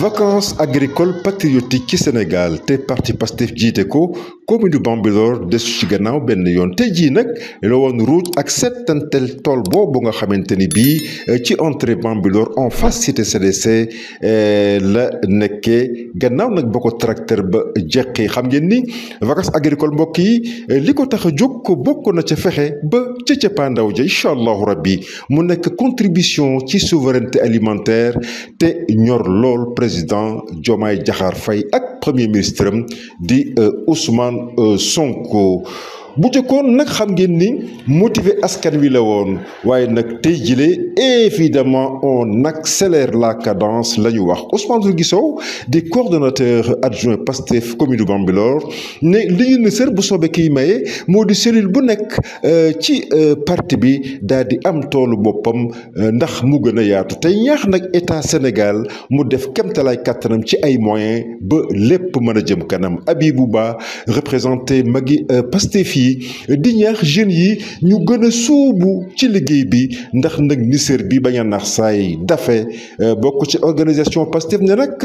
vacances agricoles patriotiques ci Sénégal te parti Pastef jiite ko Comme du Bambilor de ci gannaaw benn yoon nak le won la woon ruuj ak bonga tool boobu nga xamanteni bi eh, ci entre en face cité CDC eh, le neke gannaaw nak ba tracteur ba jeqi xam ngeen ni vacances agricoles mbokk yi eh, li tax a jóg na ci fexé ba ci ci pandaw inshallah rabbi mu nek contribution ci souveraineté alimentaire te ñor l'ol président Diomaye Jahar Fay ak premier ministre di Ousmane euh, Sonko bu jëkkoon nag xam ngeen ni motiver askan wi la woon waaye nag tey jile évidemment on accélère la cadence la ñu wax Ousmane Rougui Sow di coordonnateur adjoint Pastef commune Bambilor ne li ñu ne sër bu soobee kiy maye moo di cellule bu nekk euh, ci euh, parti bi d'a di am toolu boppam euh, ndax mu gën a yaatu tey ñaax nag état Sénégal mu def kemtalaay katanam, ci ay moyens be lépp mën jëm kanam Abibouba, représenté magi pasteur yi di ñaax jeunes yi ñu gëna a suubu ci liggéey bi ndax nag bi baña nax say dafe euh, bokku ci organisation Pastef ne nak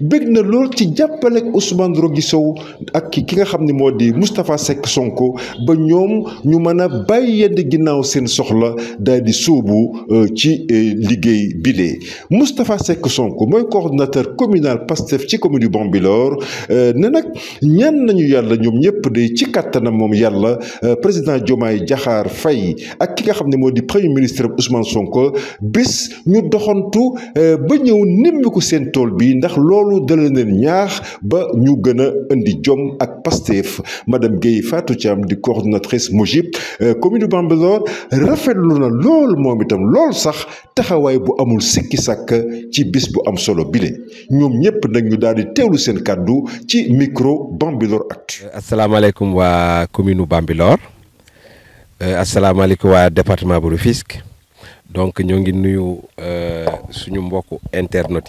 bëgg na lool ci jàppale Ousmane Rogi Sow ak ki nga xam ne moo di Moustapha Seck Sonko ba ñoom ñu mën a bàyyi ginnaaw seen soxla daal di suubu euh, ci euh, liggéey bile Moustapha Seck Sonko mooy coordinateur communal Pastef ci commune du Bambilor ne nag ñan nañu yàlla ñoom ñëpp day ci kattanam moom yàlla la euh, président Diomaye Diakhar fay ak ki nga xam ne moo di premier ministre Ousmane Sonko bis ñu doxantu euh, ba ñëw nimmiku seen tool bi ndax loolu dala leen ñaax ba ñu gën a indi jom ak Pastef madame Guèye Fatou Thiam di coordonnatrice Mujib euh, commune Bambilor rafetlu na lool moom itam lool sax taxawaay bu amul sikki sàkk ci bis bu am solo bile ñoom ñëpp nag ñu daal di teewlu seen kàddu ci micro Bambilor Actu asalaamaaleykum waa commune Bambilor euh, Assalamu alaikum département donc nous ngi nuyu euh, suñu Nous internet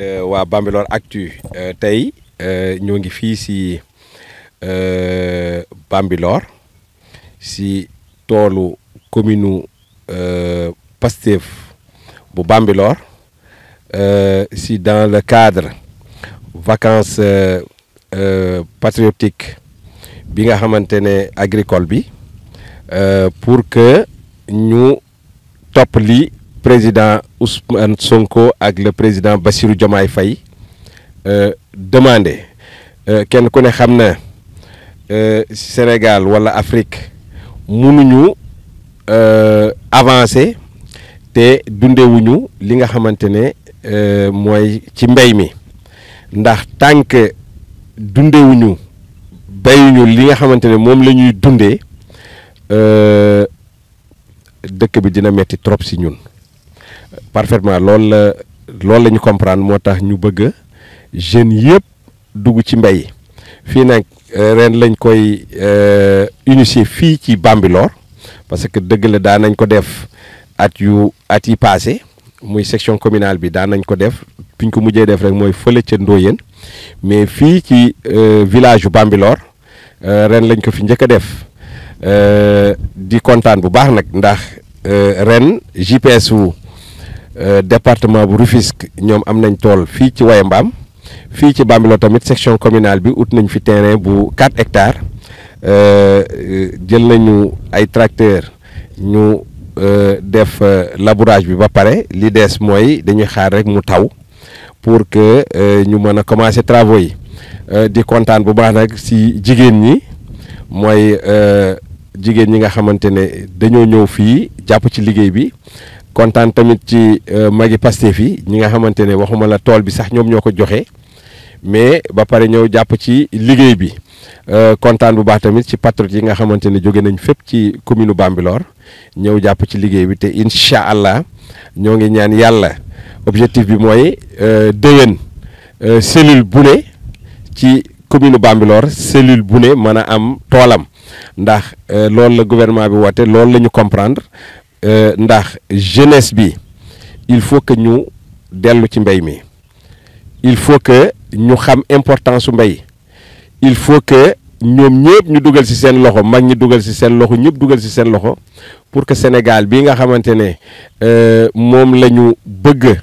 euh, Bambilor Actu tey ngi si Bambilor si le commune Pastef bu Bambilor si dans le cadre vacances patriotiques bi nga xamantene agricole bi euh, pour que ñu top li président Ousmane Sonko ak le président Bassirou Diomaye Faye euh, euh kenn ku ne xamna euh Sénégal wala Afrique euh avancer te dundewuñu li nga xamantene ne euh, moy ci mbéy mi ndax tànk dundewuñu bayuñu li nga xamante ne moom la ñuy dundee euh, dëkk bi dina metti trop si ñun parfaitement loolu la loolu la ñu comprendre moo tax ñu bëgg jeunes yëpp dugg ci mbay fii nag euh, ren lañ koy euh, initier fii ci Bambilor parce que dëgg la daan nañ ko def at yu at yi passé muy section communale bi daan nañ ko def fi ko mujjee def rek mooy fële ca Ndoyeen mais fii ci village yu Bambilor Euh, ren lañ ko fi njëkk a def euh, di kontaan bu baax nag ndax euh, ren GPS wu département bu Rufisque ñoom am nañ tool fii ci mbaam fii ci Bambilor tamit section communal bi ut nañ fi terrain bu 4 hectares jël nañu ay tracteurs ñu def labourage bi ba pare li des mooy dañuy xaar rek mu taw pour que ñu mën a commencer travaux yi. Euh, di kontaan bu baax nag si jigéen ñi mooy euh, jigéen ñi nga xamante ne dañoo ñëw fii jàpp ci liggéey bi kontaan tamit ci euh, magi Pastef yi ñi nga xamante ne waxuma la tool bi sax ñoom ñoo ko joxe mais ba pare ñëw jàpp ci liggéey bi kontaan bu baax tamit ci patriote yi nga xamante ne jóge nañ fépp ci commune Bambilor ñëw jàpp ci liggéey bi te incha allah ñoo ngi ñaan yàlla objectif bi mooy déwén cellule bu ne ci commune Bambilor cellule bu ne mën am toolam ndax euh, loolu le gouvernement bi woote loolu la ñu comprendre euh, ndax jeunesse bi il faut que ñu dellu ci mbéy mi il faut que ñu xam importance su mbéy il faut que ñoom ñëpp ñu dugal ci seen loxo mag ñi dugal ci seen loxo ñëpp dugal ci seen loxo pour que Sénégal bi nga xamante ne euh, moom la ñu bëgg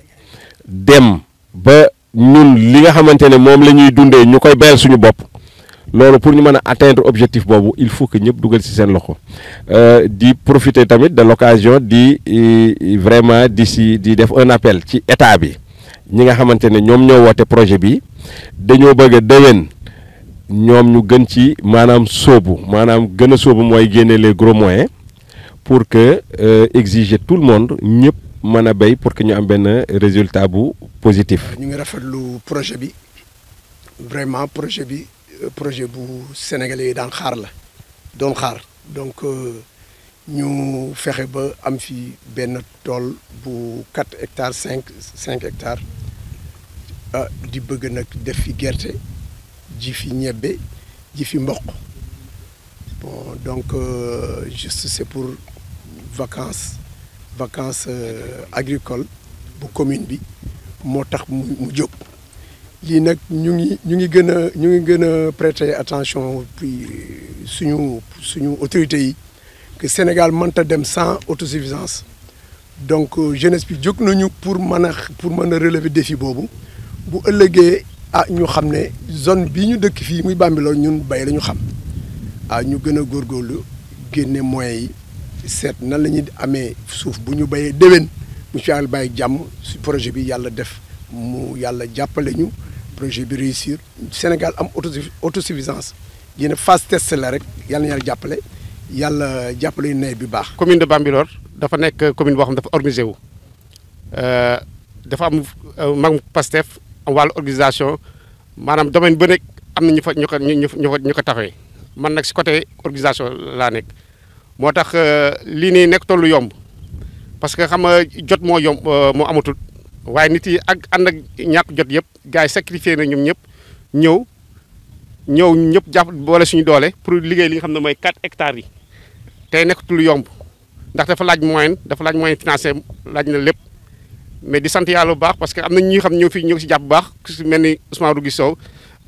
dem ba ñun li nga xamantene mom lañuy dundé ñukoy dundee bayal suñu bop loolu pour ñu mëna atteindre objectif bobu il faut que ñëpp duggal ci seen loxo euh di profiter tamit de l'occasion di euh, vraiment d'ici di def un appel ci état bi ñi nga xamantene ñom ñoo woté projet bi dañoo bëgg a ñom ñu gën ci manam sóobu manam gën a moy mooy les gros moyens pour que euh, exiger tout le monde ñëpp pour que nous ayons un résultat positif. Nous avons fait le projet bi vraiment projet bi euh, projet bu sénégalais dans le donc nous euh, ferons ba bu 4 hectares 5 5 hectares ah, di bëgg nak def fi fi ñebbe donc euh, juste c'est pour vacances vacance euh, agricole bu commune bi moo tax mu jóg lii nak ñu ngi ñu ngi gëna ñu ngi gëna prêter attention puis suñu suñu autorité yi que Sénégal mënta dem sans autosuffisance donc euh, jeunesse bi jóg nañu pour mën pour mën relever défi bobu bu ëllëgé ah ñu xamné zone bi ñu dëkk fi muy Bambilor ñun bay lañu xam ah ñu gëna a gënné moyens yi set nan la le souf de projet bi yalla def projet bi réussir Sénégal am autosuffisance Il phase test la rek commune de Bambilor dafa commune bo xam dafa organisé wu euh, dafa am euh, mag Pastef organisation domaine am ñu man côté organisation moo tax euh, lii nii nekk tollu yomb parce que xam nga jot moo yomb euh, moo amatul waaye nit yi ak ànd ak ñàkk jot yëpp gars yi sacrifié na ñoom ñëpp ñëw ñëw ñëpp jàpp boole suñu doole pour liggéey li nga xam ne mooy 4 hectares yi tey nekkatul yomb ndax dafa laaj moyen dafa laaj moyen financier laaj na lépp mais di sant yàlla bu baax parce que am na ñi xam ñëw fii ñoo ngi si jàpp baax ku si mel ni Ousmane Rougui Sow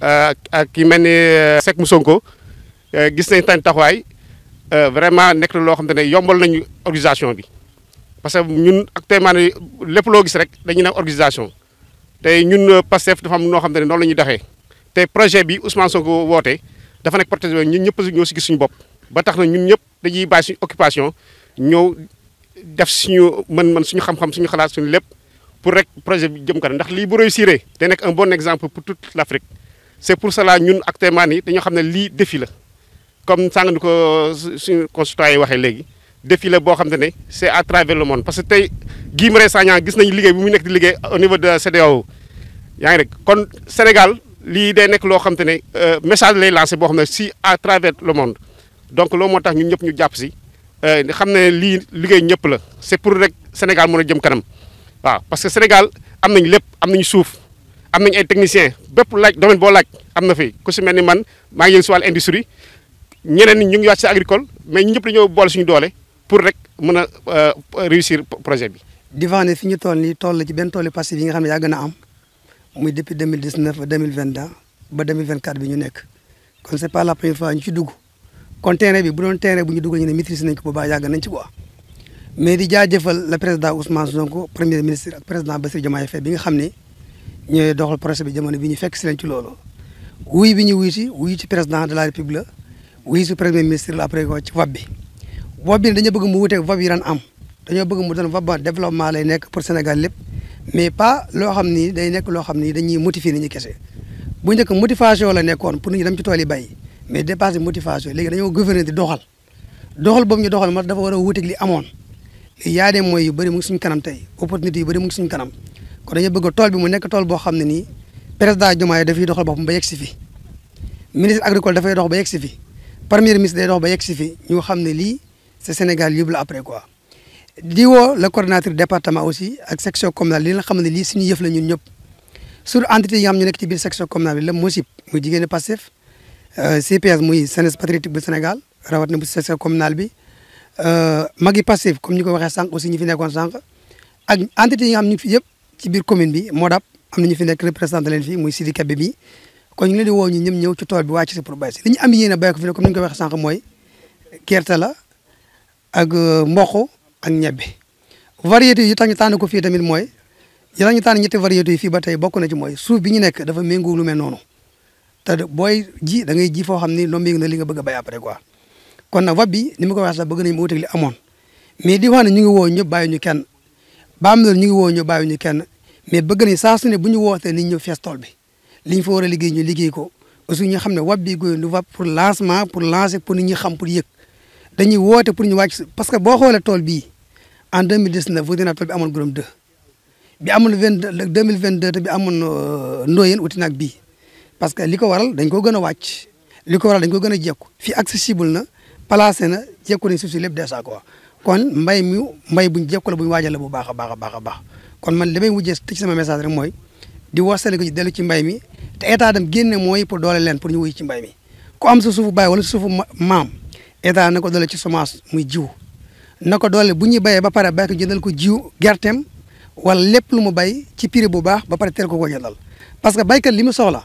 euh, ak ki mel ni Seck Moussonko gis nañ tan taxawaay Euh, vraiment nek na xam te yombal nañu organisation bi parce que ñun ak ne lepp lo gis rek dañu na organisation tay ñun euh, passef dafa am no xam te ne noonu la ñuy projet bi Ousmane Sonko woote dafa nek projet bi ñun ñëpp ñoo si gis suñu bop ba tax na ñun ñëpp dañuy ba suñu occupation ñëw def suñu man man suñu xam-xam suñu xalaat suñu lepp pour rek projet bi jëm kan ndax li bu réussir té nek un bon exemple pour toute l'Afrique c'est pour cela ñun ak nii dañoo xam ne lii défi la comme sàng ni ko suñu concitoyens yi waxee léegi défi boo xam te ne est à travers le monde parce que tey Guy Marius Sagna gis nañ liggéey bu mu nekk di liggéey au niveau de CEDEAO yaa ngi rek kon Sénégal lii day nekk loo xam te ne euh, message lay lancé boo xam ne si à travers le monde donc loolu moo tax ñun ñëpp ñu jàpp si euh, xam ne lii liggéey ñëpp la c' est pour rek Sénégal mën a jëm kanam waaw parce que Sénégal am nañ lépp am nañu suuf am nañ ay techniciens bépp laaj domaine boo laaj am na fi ku si mel ni man maa ngi yëngu si wàllu industrie ñeneen ñi ñu ngi wàcc si agricole mais ñu ñëpp dañoo boole suñu doole pour rek mën a euh, réussir projet bi. Divane fi ñu toll nii toll la ci benn toolu passif yi nga xam ne yaa gën a am muy depuis 2019 ba 2022 ba 2024 bi ñu nekk kon c'est pas la première fois ñu ci dugg kon terrain bi bu doon terrain bu ñu dugg ñu ne maîtrise nañ ko bu baax yàgg nañ ci quoi. mais di jaajëfal le président Ousmane Sonko premier ministre ak président Bassirou Diomaye Faye bi nga xam ne ñooy doxal projet bi jamono bi ñu fekk si leen ci loolu wuy bi ñu wuy si wuy ci président de la république wuyu si premier ministre la après ko ci vote bi vote bi dañoo bëgg mu wuteeg vote yi daan dañoo bëgg mu doon vote ba développement lay nekk pour Sénégal lépp mais pas loo xam ni day nekk loo xam ni dañuy motiver nit ñi kese bu njëkk motivation la nekkoon pour nit ñi dem ci tool yi bay mais dépassé motivation léegi dañoo gouverner di doxal doxal boobu ñu doxal ma dafa war a wuuteeg li amoon yaa dem mooy bëri mu ngi suñu tey opportunité yu bëri mu ngi suñu kanam kon dañoo bëgg tool bi mu nekk tool boo xam ne nii président Diomaye dafay doxal boppam ba yegg si fi ministre agricole dafay dox ba yegg si fi premier ministre day dox ba yegg si fi ñu xam ne lii c'est Sénégal libre après quoi di woo le coordonnateur département aussi ak section communale li nga xam ne lii suñu yëf la ñun ñëpp sur entité yi nga xam ñu nekk ci biir section communale bi la MOSIP muy jigéen Pastef euh, CPS muy Jeunesse Patriotique du Sénégal rawat na bu section communale bi euh, magi passif, comme ñu ko waxee aussi ñu fi nekkoon sànq ak entité yi nga xam ñu fi yëpp ci biir commune bi moo dap am na ñu fi nekk représenté leen fii muy Sidi Kebe bi kon ñu ngi leen di woo ñu ñëm ñëw ci tool bi wàcc si pour bay si li ñu am yéene bay ko fi ne comme ko waxee sànq mooy gerte la ak euh, mboq ak ñebbe variété yi tax ñu tànn ko fii tamit mooy yi tax ñu tànn ñetti variété yi fii ba tey bokk na ci mooy suuf bi ñu nekk dafa méngoo lu mel noonu te booy ji da ngay ji foo xam ni loo méngoo na li nga bëgg bay après quoi kon nag bi ni ma ko waxee sax bëgg nañ ma wuteeg li amoon mais di wax ne ñu ngi woo ñëpp bàyyi ñu kenn baam loolu ñu ngi woo ñëpp bàyyi ñu kenn mais bëgg nañ saa su ne bu ñu wootee nit ñëw fees tool bi li ñu fa a liggéey ñu liggéey ko aussi ñu xam ne WAP bi goyoon du WAP pour lancement pour lancer pour nit ñi xam pour yëg dañuy woote pour ñu wàcc parce que boo xoolee tool bii en 2019 wuti naa tool bi amoon Gorom 2 bi amoon 22 2022 te bi amoon euh, Ndoyeen wuti naag parce que li ko waral dañ ko gën a wàcc li ko waral dañ ko gën a jekku fii accessible na placé na jekku nañ suuf si lépp déjà quoi kon mbay mi mbay bu ñu jekku la buñ waajal la bu baax a baax a baax a baax kon man li may mujjee tëj sama message rek mooy di wasale ko ñu dellu ci mbay mi te état dem génne mooy pour doole leen pour ñu wuy ci mbay mi ko am sa suufu baay wala sa suufu maam état na ko doole ci semence muy jiw na ko doole bu ñuy béyee ba pare bay ko jëndal ko jiw gerteem wala lépp lu mu bay ci prix bu baax ba pare teel ko ko jëndal parce que baykat li mu soxla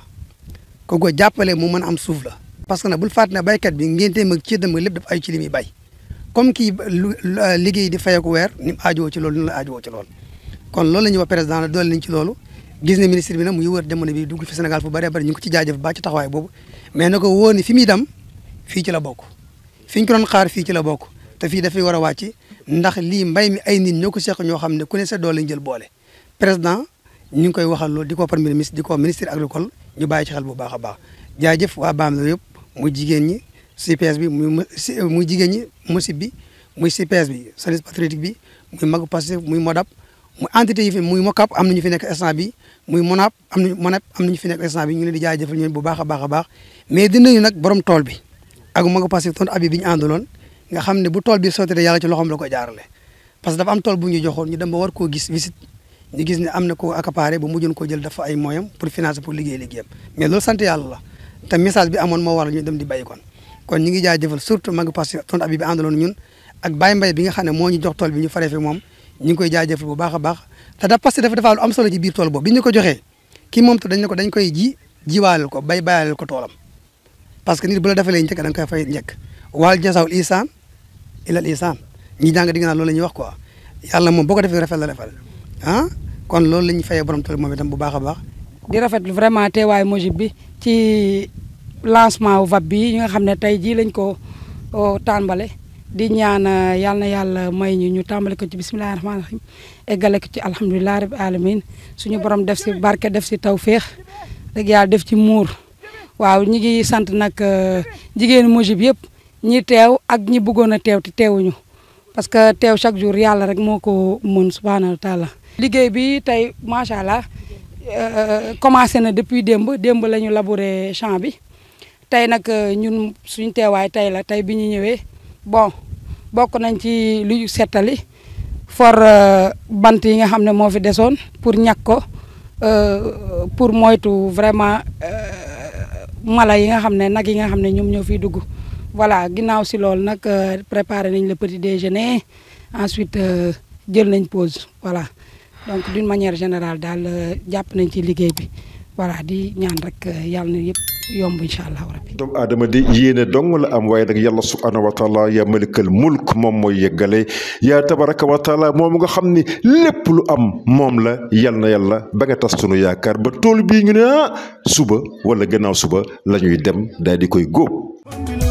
ko jàppale mu mën am suuf la. parce que nag bul fàtte baykat bi ngénteem ak ceeb ak lépp daf ay ci muy bay comme kii liggéey di fayeku weer ni mu aajowoo ci loolu ni la aajowoo ci loolu kon loolu la ñuy wax président doole nañ ci loolu. gis ne ministre bi nag muy wër jamono bi dugg fi Sénégal fu bëree bëri ñu ngi ko ci na ko wóor ni fi muy dem fii ci la bokk fi ñu ko doon xaar fii ci la bokk te fii dafay war a ci ndax lii mbay mi ay nit ñoo ko seq ñoo xam ne ku ne sa doole lañ jël boole président ñu ngi koy waxal loolu di ko premier ministre di ko ministre agricole ñu bàyyi ci xel bu baax a baax jaajëf waa Bambilor yëpp muy jigéen ñi CPS bi muy mu jigéen ñi MOSIP bi muy CPS bi service patriotique bi muy mag Pastef muy MODAP mu entité yi fi muy mocap am nañu fi nekk instant bi muy monap am nañu monap ñu ngi leen di jaajëfal ñoom a baax bu tool bi sottee yàlla ci loxoom la ko jaarale parce que dafa am tool ñu joxoon ñu dem ba war am na ay moyam pour financer pour liggéey liggéeyam mais loolu sant yàlla la te ñu dem di béy kon kon ñu ngi jaajëfal surtout ma nga passé tontu abi ñu jox tool bi ñu faree fi moom ñu ngi koy jaajëfal bu baax a baax te da parce que dafa dafa lu am solo ci biir tool boobu bi ñu ko joxee ki moom te dañ ne ko koy ji jiwaalal ko bay bayaalal ko toolam parce que nit bu la defalee njëkk da nga koy fay njëkk waal jasawul isaan ilal isaan ñi jàng di nga naan lool la ñuy wax ko yàlla moom boo ko defee rafet la defal ah kon loolu la ñuy fayee borom tool moom itam bu baax a baax di lu vraiment teewaay mojib bi ci lancement wu VAP bi ñu nga xam ne tey jii lañ ko oh, tàmbale di ñaan uh, yal na yàlla may ñu ñu tàmbali ko ci bisimilah rahmaani rahiim eggale ko ci alhamdulilah rabi alamin suñu borom def si barke def si taw tawféex rek yàlla def ci muur waaw ñi ngi sant nag uh, jigéenu bi yëpp ñi teew ak ñi buggoon a teew ti teewuñu parce que teew chaque jour yàlla rek moo ko mën subhaanahu wa taala liggéey bi tey macha allah uh, commencé na depuis démb démb la ñu labouré bi tey nag ñun suñ teewaay tey la tey bi ñu ñëwee bon bokk nañ ci lu settali for euh, bant yi nga xam ne moo pour moi ko euh, pour moytu vraiment euh, mala yi nga xamné nak yi nga xamné ñom ñoo dugg voilà ginnaaw ci lool nak préparer nañ le petit déjeuner ensuite jël nañ pause voilà donc d'une manière générale dal japp nañ ci liguey bi voilà di ñaan rek euh, yàlla na yëpp yomb incha allahu rabbi doomu aadama di yéene dong la am waaye nag yàlla subhaanahu wa taala yaa malikal mulk moom mooy yëggale yaa tabaraka wa taala moom nga xam ni lépp lu am moom la yal na yàlla ba nga tas sunu yaakaar ba tool bii ñu ne ah suba wala gannaaw suba la ñuy dem daal di koy góob